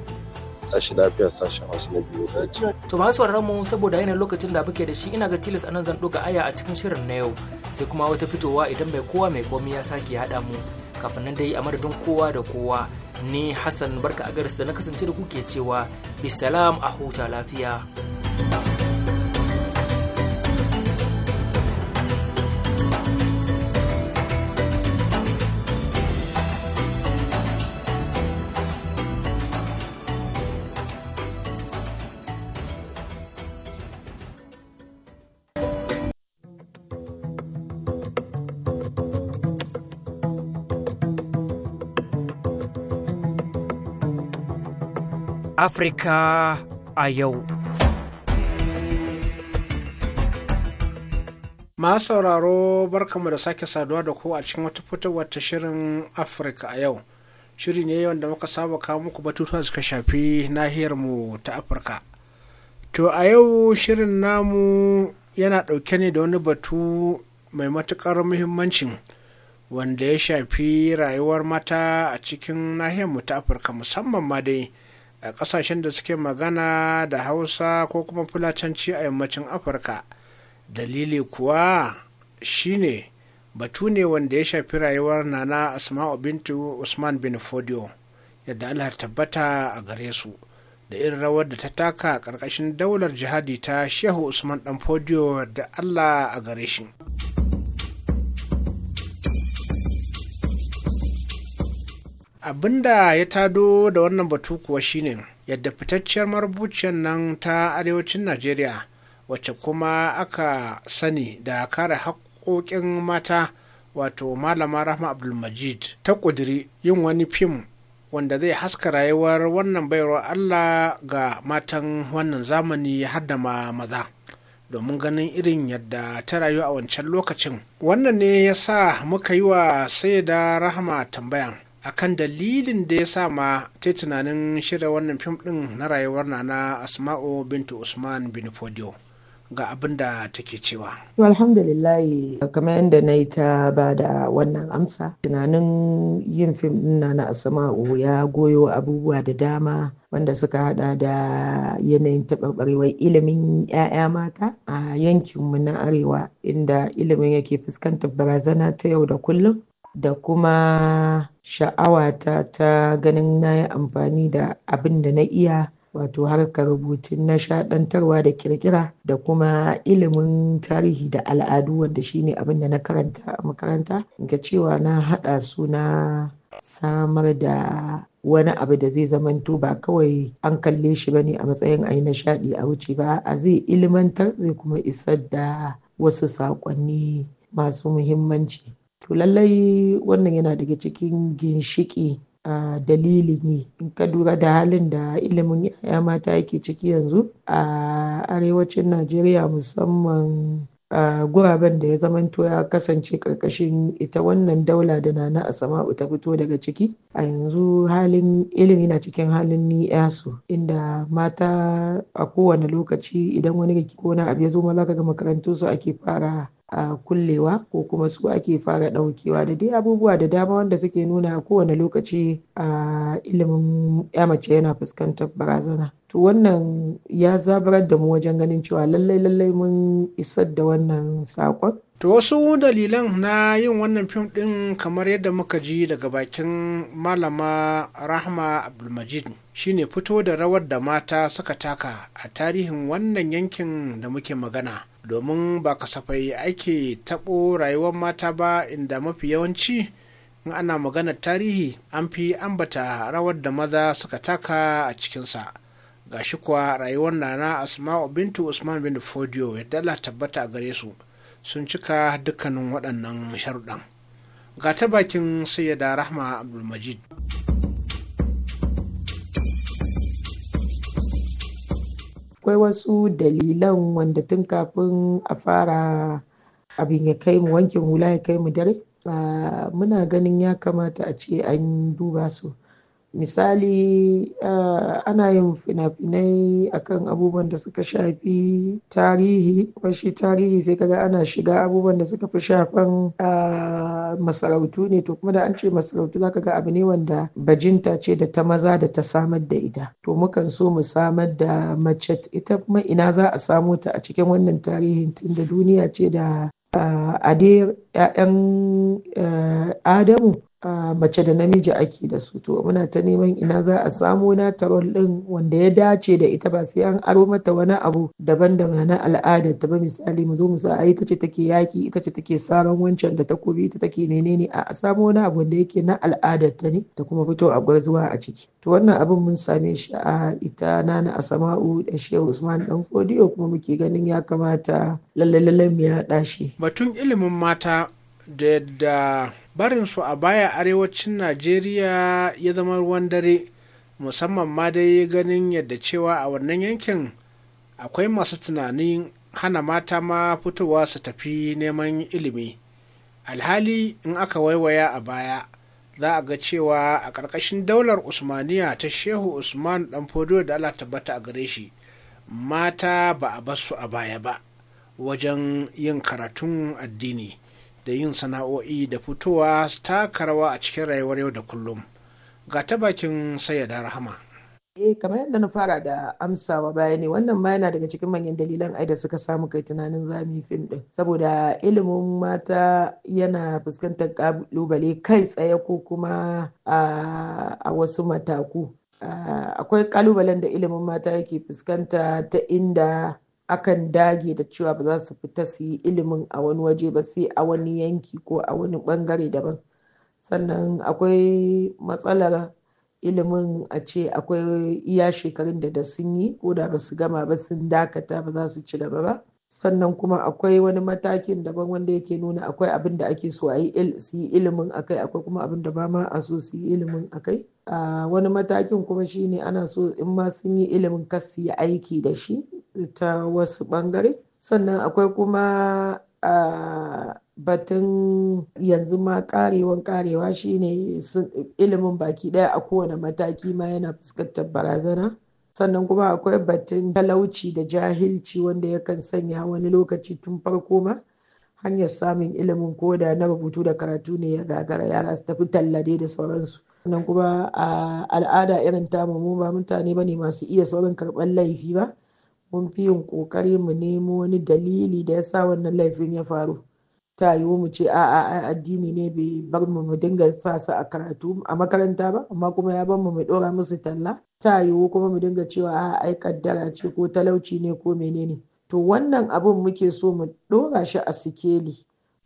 tashi lafiya sashen wasu na biyu da ci. To masu mu saboda yanayin lokacin da muke da shi ina ga tilas anan zan ɗoga aya a cikin shirin na yau sai kuma wata fitowa idan mai kowa mai komi ya sake haɗa mu kafin nan dai a madadin kowa da kowa ni Hassan barka a garis da na kasance da kuke cewa bisalam a huta lafiya. thank you Afrika a yau. Masu sauraro barkamu da sake saduwa da ku a cikin wata fitowar ta shirin Afirka a yau. Shiri ne wanda muka saba kawo muku batutuwa suka shafi nahiyarmu ta Afirka. To a yau shirin namu yana ɗauke ne da wani batu mai matuƙar muhimmancin wanda ya shafi rayuwar mata a cikin nahiyarmu ta Afirka musamman ma dai. a ƙasashen da suke magana da hausa ko kuma fulacanci a yammacin afirka dalili kuwa shine batu ne wanda ya shafi rayuwar nana asma'u bintu usman bin fodio yadda allah tabbata a gare su da irin rawar da ta taka ƙarƙashin daular jihadi ta shehu usman dan fodio da allah a gare shi. abinda ya tado da wannan batu kuwa shine yadda fitacciyar marubuciyar nan ta arewacin najeriya wacce kuma aka sani da kare haƙoƙin mata wato malama rahma abdulmajid ta ƙudiri yin wani fim wanda zai haska rayuwar wannan baiwar allah ga matan wannan zamani har da ma maza domin ganin irin yadda ta rayu a wancan lokacin wannan ne ya sa muka yi wa sai da rahama tambaya akan dalilin da ya sa ma ta tunanin shirya wannan fim ɗin na rayuwar nana asma'u bintu usman bin fodio ga abin da take cewa. Alhamdulillahi kamar yadda na yi ta ba da wannan amsa tunanin yin fim ɗin na asma'u ya goyo abubuwa da dama wanda suka hada da yanayin taɓarɓarewar ilimin 'ya'ya mata a yankinmu na arewa inda ilimin yake fuskantar barazana ta yau da kullum da kuma sha'awata ta ganin na yi amfani da abin da na iya wato harkar rubutun nashaɗantarwa da kirkira da kuma ilimin tarihi da al'adu wanda shine abin da na karanta a makaranta ga cewa na haɗa su na samar da wani abu da zai zamanto ba kawai an kalle shi bane a matsayin ayi nishaɗi a wuce ba a zai ilimantar zai kuma isar da wasu saƙonni masu muhimmanci to lallai wannan yana daga cikin ginshiki a dalilin yi in ka lura da halin da ilimin ya mata yake ciki yanzu a arewacin najeriya musamman a guraben da ya zamanto ya kasance karkashin ita wannan daula da na asama'u ta fito daga ciki a yanzu halin ilimi na cikin halin ni yasu inda mata a kowane lokaci idan wani rikiko na abu ya zo maza ga makarantu su ake fara a kullewa ko kuma su ake fara ɗaukewa da dai abubuwa da dama wanda suke nuna a kowane lokaci a ilimin ya mace yana fuskantar barazana to wannan ya zabarar da mu wajen ganin cewa lallai lallai mun isar da wannan saƙon To wasu dalilan na yin wannan fim ɗin kamar yadda muka ji daga bakin malama Rahma Abdulmajid shine fito da rawar da mata suka taka a tarihin wannan yankin da muke magana. domin ba kasafai ake taɓo rayuwar mata ba inda mafi yawanci in ana maganar tarihi an fi ambata rawar da maza suka taka a cikinsa ga shi kuwa rayuwar nana asma'u bintu usman bin Fodio, yadda Allah tabbata a gare su sun cika dukkanin waɗannan sharuɗan ga ta bakin sayyada rahma abdulmajid akwai wasu dalilan wanda tun kafin a fara abin ya kai mu wankin hula ya kai mu dare muna ganin ya kamata a ce an duba su misali uh, ana yin fina-finai akan abubuwan da suka shafi tarihi shi tarihi sai kaga ana shiga abubuwan da suka fi shafan uh, masarautu ne to kuma da an ce masarautu zaka ga abu ne wanda bajinta ce da ta maza da ta samar da ita to mukan so mu samar da mace ita kuma ina za a samo ta a cikin wannan tarihin tunda duniya ce da uh, eh, ade 'ya'yan adamu mace da namiji ake da su to muna ta neman ina za a samo na tarol din wanda ya dace da ita ba sai an aro mata wani abu daban da na al'ada ta ba misali mu zo mu sa ai ce take yaki ita ce take saran wancan da takobi ita take menene a samo wani abu da yake na al'ada ta ne ta kuma fito a zuwa a ciki to wannan abin mun same shi a ita nana asama'u da shehu usman dan fodiyo kuma muke ganin ya kamata lalle lalle mu ya dashi batun ilimin mata da yadda barin su a baya arewacin najeriya ya zama ruwan dare musamman ma dai ganin yadda cewa a wannan yankin akwai masu tunanin hana mata ma fitowa su tafi neman ilimi alhali in aka waiwaya a baya za a ga cewa a ƙarƙashin daular usmaniya ta shehu usman dan fodo da ala tabbata a gare shi mata ba a basu a baya ba wajen yin karatun addini da yin sana'o'i da fitowa taka rawa a cikin rayuwar yau da kullum ga ta bakin sayyada rahama eh kamar yadda na fara da amsawa baya ne wannan ma yana daga cikin manyan dalilan ai da suka samu kai tunanin zami fim din saboda ilimin mata yana fuskantar kalubale kai tsaye ko kuma a wasu mataku akwai kalubalen da ilimin mata yake fuskanta ta inda akan dage da cewa ba za su fita su yi ilimin a wani waje ba sai a wani yanki ko a wani bangare daban sannan akwai matsalar ilimin a ce akwai iya shekarun da da sun yi ko da ba su gama ba sun dakata ba za su ci gaba ba sannan kuma akwai wani matakin daban wanda yake nuna akwai abin da ake so a yi su yi ilimin akai akwai kuma abin da ba ma a so su yi ilimin akai ah, wani matakin kuma shine ana so in ma sun yi ilimin kas su yi aiki da shi ta wasu bangare sannan akwai kuma a batun yanzu ma karewan karewa shine ilimin baki ɗaya a kowane mataki ma yana fuskantar barazana sannan kuma akwai batun talauci da jahilci wanda yakan sanya wani lokaci tun farko ma hanyar samun ilimin koda na rubutu da karatu ne ya gagara yara su tafi tallade da sauransu sannan kuma a al'ada irin tamu mu ba mutane ne masu iya saurin karɓar laifi ba mun fi yin ƙoƙari mu nemo wani dalili da ya sa wannan laifin ya faru ta yiwu mu ce a'a addini ne bai bar mu mu dinga sa su a karatu a makaranta ba amma kuma ya bar mu mu dora musu talla ta yiwu kuma mu dinga cewa a'a ai kaddara ce ko talauci ne ko menene to wannan abun muke so mu ɗora shi a sikeli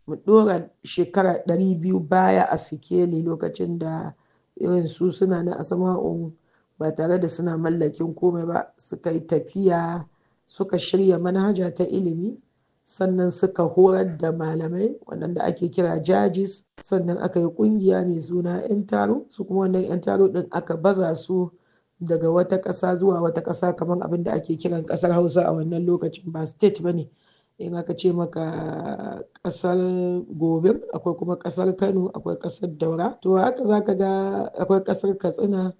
mu dora shekara ɗari biyu baya a sikeli lokacin da irin su suna na asama'un ba tare da suna mallakin komai ba suka yi tafiya suka shirya manhaja ta ilimi sannan suka horar da malamai waɗanda ake kira jajis sannan aka yi ƙungiya mai suna 'yan taro su kuma wannan 'yan taro ɗin aka baza su daga wata ƙasa zuwa wata ƙasa kamar abin da ake kiran ƙasar hausa a wannan lokacin ba state ba ne in aka ce maka ƙasar gobe akwai kuma ƙasar kano akwai ƙasar daura to haka za ka ga akwai ƙasar katsina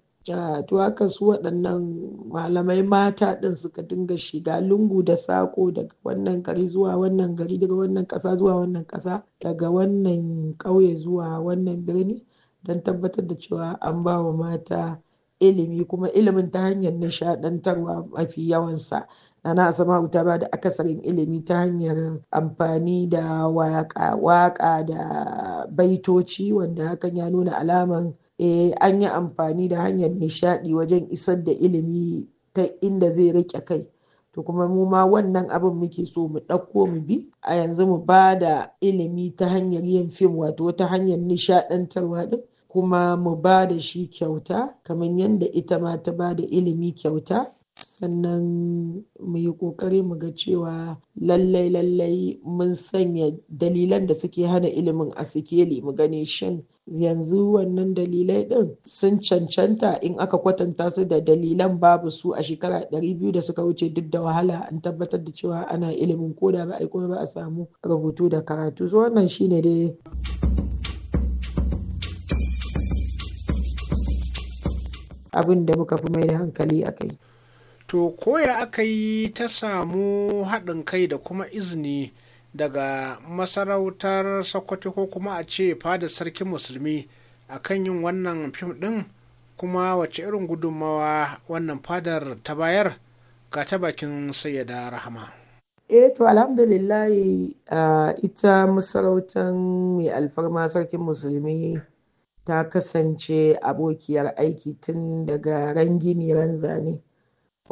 to haka su waɗannan malamai mata ɗin suka dinga shiga lungu da saƙo daga wannan gari zuwa wannan gari daga wannan ƙasa zuwa wannan ƙasa daga wannan ƙauye zuwa wannan birni don tabbatar da cewa an ba wa mata ilimi kuma ilimin ta hanyar nishaɗantarwa mafi yawansa Nana Asama'u ta ba da akasarin ilimi ta hanyar amfani da waƙa da baitoci wanda hakan ya nuna alaman Eh, an yi amfani da hanyar nishaɗi wajen isar da ilimi ta inda zai riƙe kai to kuma mu ma wannan abin muke so mu ɗauko mu bi a yanzu mu ba da ilimi ta hanyar yin fim wato ta hanyar nishaɗantarwa ɗin kuma mu ba da shi kyauta kamar yadda ita ma ta ba da ilimi kyauta sannan mu yi ƙoƙari mu ga cewa lallai lallai mun sanya dalilan da suke hana ilimin a sikeli mu gane shin yanzu wannan dalilai ɗin sun cancanta in aka kwatanta su da dalilan babu su a shekara 200 da suka wuce duk da wahala an tabbatar da cewa ana ilimin ko da ba a kuma ba a samu rubutu da karatu so wannan shine dai abin da muka fi mai da hankali a kai to koya aka yi ta samu haɗin kai da kuma izini daga masarautar sokoto ko kuma a ce fada sarkin musulmi a kan yin wannan fim ɗin kuma wace irin gudunmawa wannan fadar ta bayar ga ta bakin sayyada rahama eh to alhamdulillah ita masarautar mai alfarma sarkin musulmi ta kasance abokiyar aiki tun daga rangini zane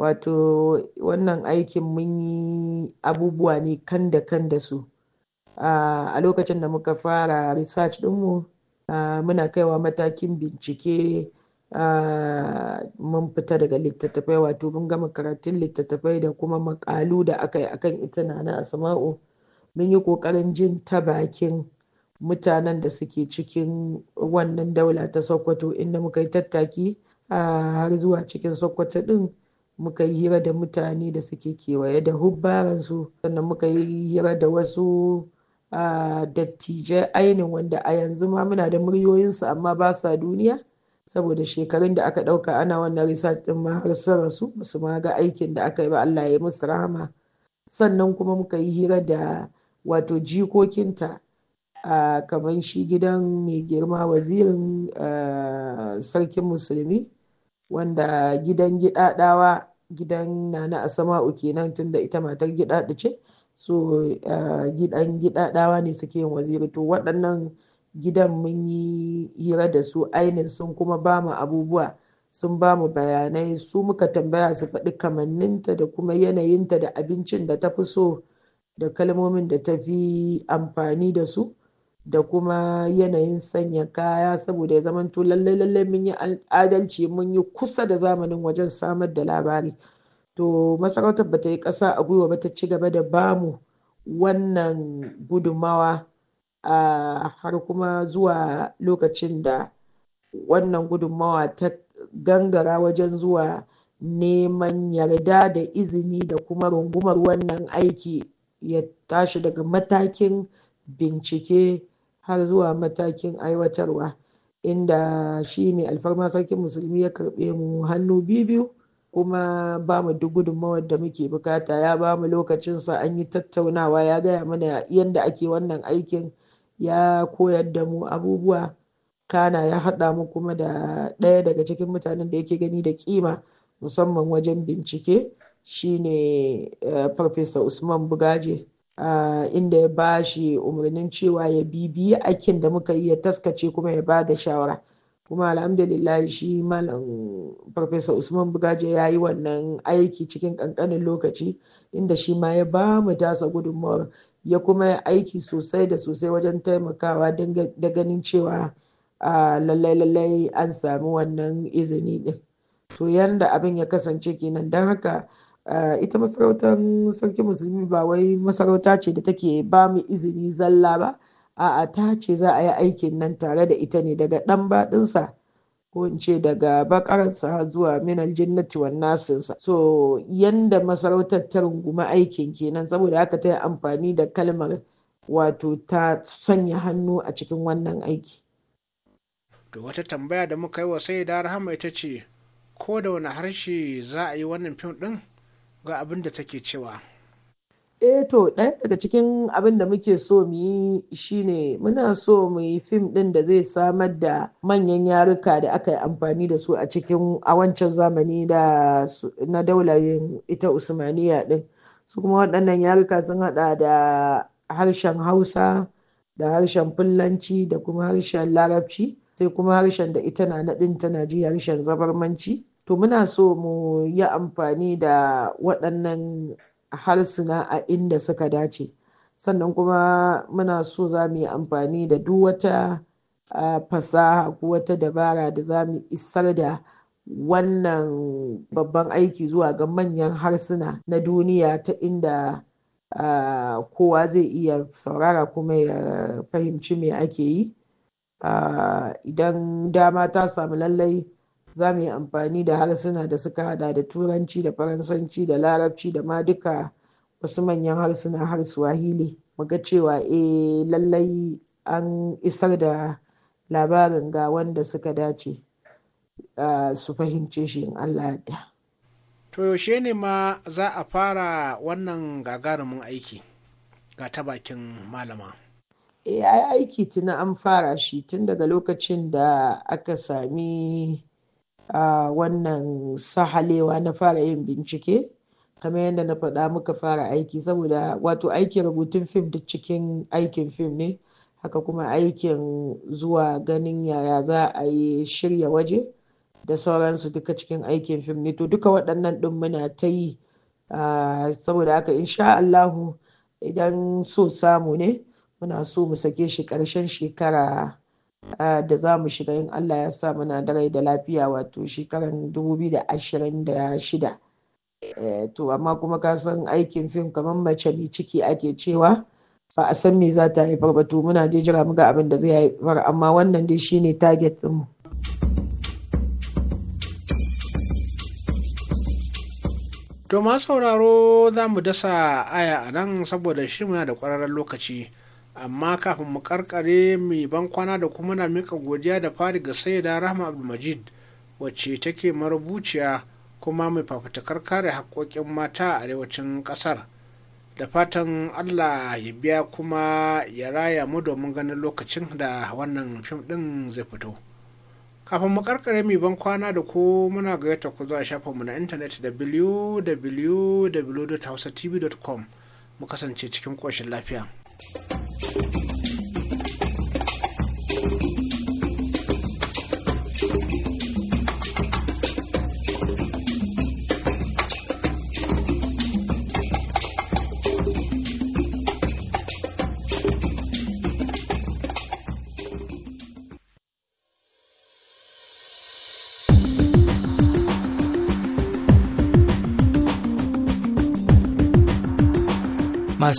wato wannan aikin mun yi abubuwa ne kan da kan da su a lokacin da muka fara research dinmu muna kaiwa matakin bincike mun fita daga littattafai wato mun gama karatun littattafai da kuma makalu da aka yi akan ita na asma'u mun yi ƙoƙarin jin ta bakin mutanen da suke cikin wannan daula ta sokoto inda muka yi tattaki har zuwa cikin sokoto din muka yi hira da mutane da suke kewaye da hubbaransu sannan muka yi hira da wasu dattijai ainihin wanda a yanzu ma muna da muryoyinsu amma ba sa duniya saboda shekarun da aka ɗauka ana wannan research ɗin ma har sun rasu su ma ga aikin da aka yi ba Allah ya musu rahama sannan kuma muka yi hira da wato jikokinta a kamar shi gidan mai girma wazirin sarkin musulmi wanda gidan gidaɗawa gidan nana asama'u kenan tunda ita matar gidaɗa ce so gidan gidaɗawa ne suke yin waziri to waɗannan gidan mun yi hira da su ainihin sun kuma ba mu abubuwa sun ba mu bayanai su muka tambaya su faɗi kamanninta da kuma yanayinta da abincin da ta fi so da kalmomin da ta fi amfani da su da kuma yanayin sanya kaya saboda ya zamanto lallai lallai mun yi adalci mun yi kusa da zamanin wajen samar da labari to masarautar ba ta yi ƙasa a gwiwa ba ta ci gaba da bamu wannan a har kuma zuwa lokacin da wannan gudummawa ta gangara wajen zuwa neman yarda da izini da kuma rungumar wannan aiki ya tashi daga matakin bincike har zuwa matakin aiwatarwa inda shi mai alfarma sarkin musulmi ya karɓe mu hannu biyu kuma ba mu duk gudunmawar da muke bukata ya ba mu lokacinsa an yi tattaunawa ya gaya mana yadda ake wannan aikin ya koyar da mu abubuwa kana ya haɗa mu kuma da ɗaya daga cikin mutanen da yake gani da kima musamman wajen bincike shine eh, farfesa usman bugaje inda ya ba shi umarnin cewa ya bibiyi aikin da muka yi ya taskace kuma ya ba da shawara kuma alhamdulillah shi malam farfesa usman bugaje ya yi wannan aiki cikin kankanin lokaci inda shi ma ya ba mu tasa gudunmawar ya kuma aiki sosai da sosai wajen taimakawa da ganin cewa lallai lallai an sami wannan izini din to yanda abin ya kasance kenan don haka Eh, ita masarautar sarki musulmi ba wai masarauta ce da take ba mu izini zalla ba a'a ta ce za a yi aikin nan tare da ita ne daga ɗan baɗinsa ko in ce daga bakaransa zuwa minal jinnati wan nasinsa so yanda masarautar ta runguma aikin kenan saboda haka ta yi amfani da kalmar wato ta sanya hannu a cikin wannan aiki to wata tambaya da muka yi wa sai da rahama ita ce ko da wani harshe za a yi wannan fim din ga abin da take cewa eh to ɗaya daga cikin abin da muke so mu yi shine muna so mu yi fim ɗin da zai samar da manyan yaruka da aka yi amfani da su a cikin a wancan zamani da na daular ita usmaniya ɗin su kuma waɗannan yaruka sun haɗa da harshen hausa da harshen fullanci da kuma harshen larabci sai kuma harshen da ita na naɗin ta ji harshen zabarmanci to muna so mu yi amfani da waɗannan harsuna a inda suka dace sannan kuma muna so za mu yi amfani da duk wata fasaha ko wata dabara da za mu isar da wannan babban aiki zuwa ga manyan harsuna na duniya ta inda kowa zai iya saurara kuma ya fahimci me ake yi idan dama ta samu lallai za mu yi amfani da harsuna da suka hada da turanci da faransanci da larabci da ma duka wasu manyan harsuna har swahili ga cewa e lallai an isar da labarin ga wanda suka dace su fahimce shi in allah yadda to yaushe ne ma za a fara wannan gagarumin aiki ga ta bakin malama eh, ai aiki tuna an fara shi tun daga lokacin da aka sami a wannan sahalewa na fara yin bincike kamar yadda na faɗa muka fara aiki saboda wato aikin rubutun fim da cikin aikin fim ne haka kuma aikin zuwa ganin yaya za a yi shirya waje da sauransu duka cikin aikin fim ne to duka waɗannan ɗin muna ta yi saboda haka insha Allahu idan so samu ne muna so mu sake shi ƙarshen shekara Ah, da za mu shiga in Allah ya sa muna da rai da lafiya wato shekaran 2026 eh, to amma kuma ka san aikin fim kamar mace mai ciki ake cewa ba a san me za ta haifar ba to muna je jira muga abin da zai haifar amma wannan dai shine target mu. To ma sauraro za mu dasa aya a nan saboda shi muna da ƙwararren lokaci. amma kafin mu karkare mai ban kwana da kuma na mika godiya da fari ga sayyida rahma abdulmajid wacce take marubuciya kuma mai fafutukar kare haƙoƙin mata a arewacin ƙasar da fatan allah ya biya kuma ya raya mu domin ganin lokacin da wannan fim ɗin zai fito kafin mu karkare mai ban kwana da ko muna gayyata ku zuwa mu na intanet da www.hausatv.com mu kasance cikin ƙoshin lafiya. Thank you.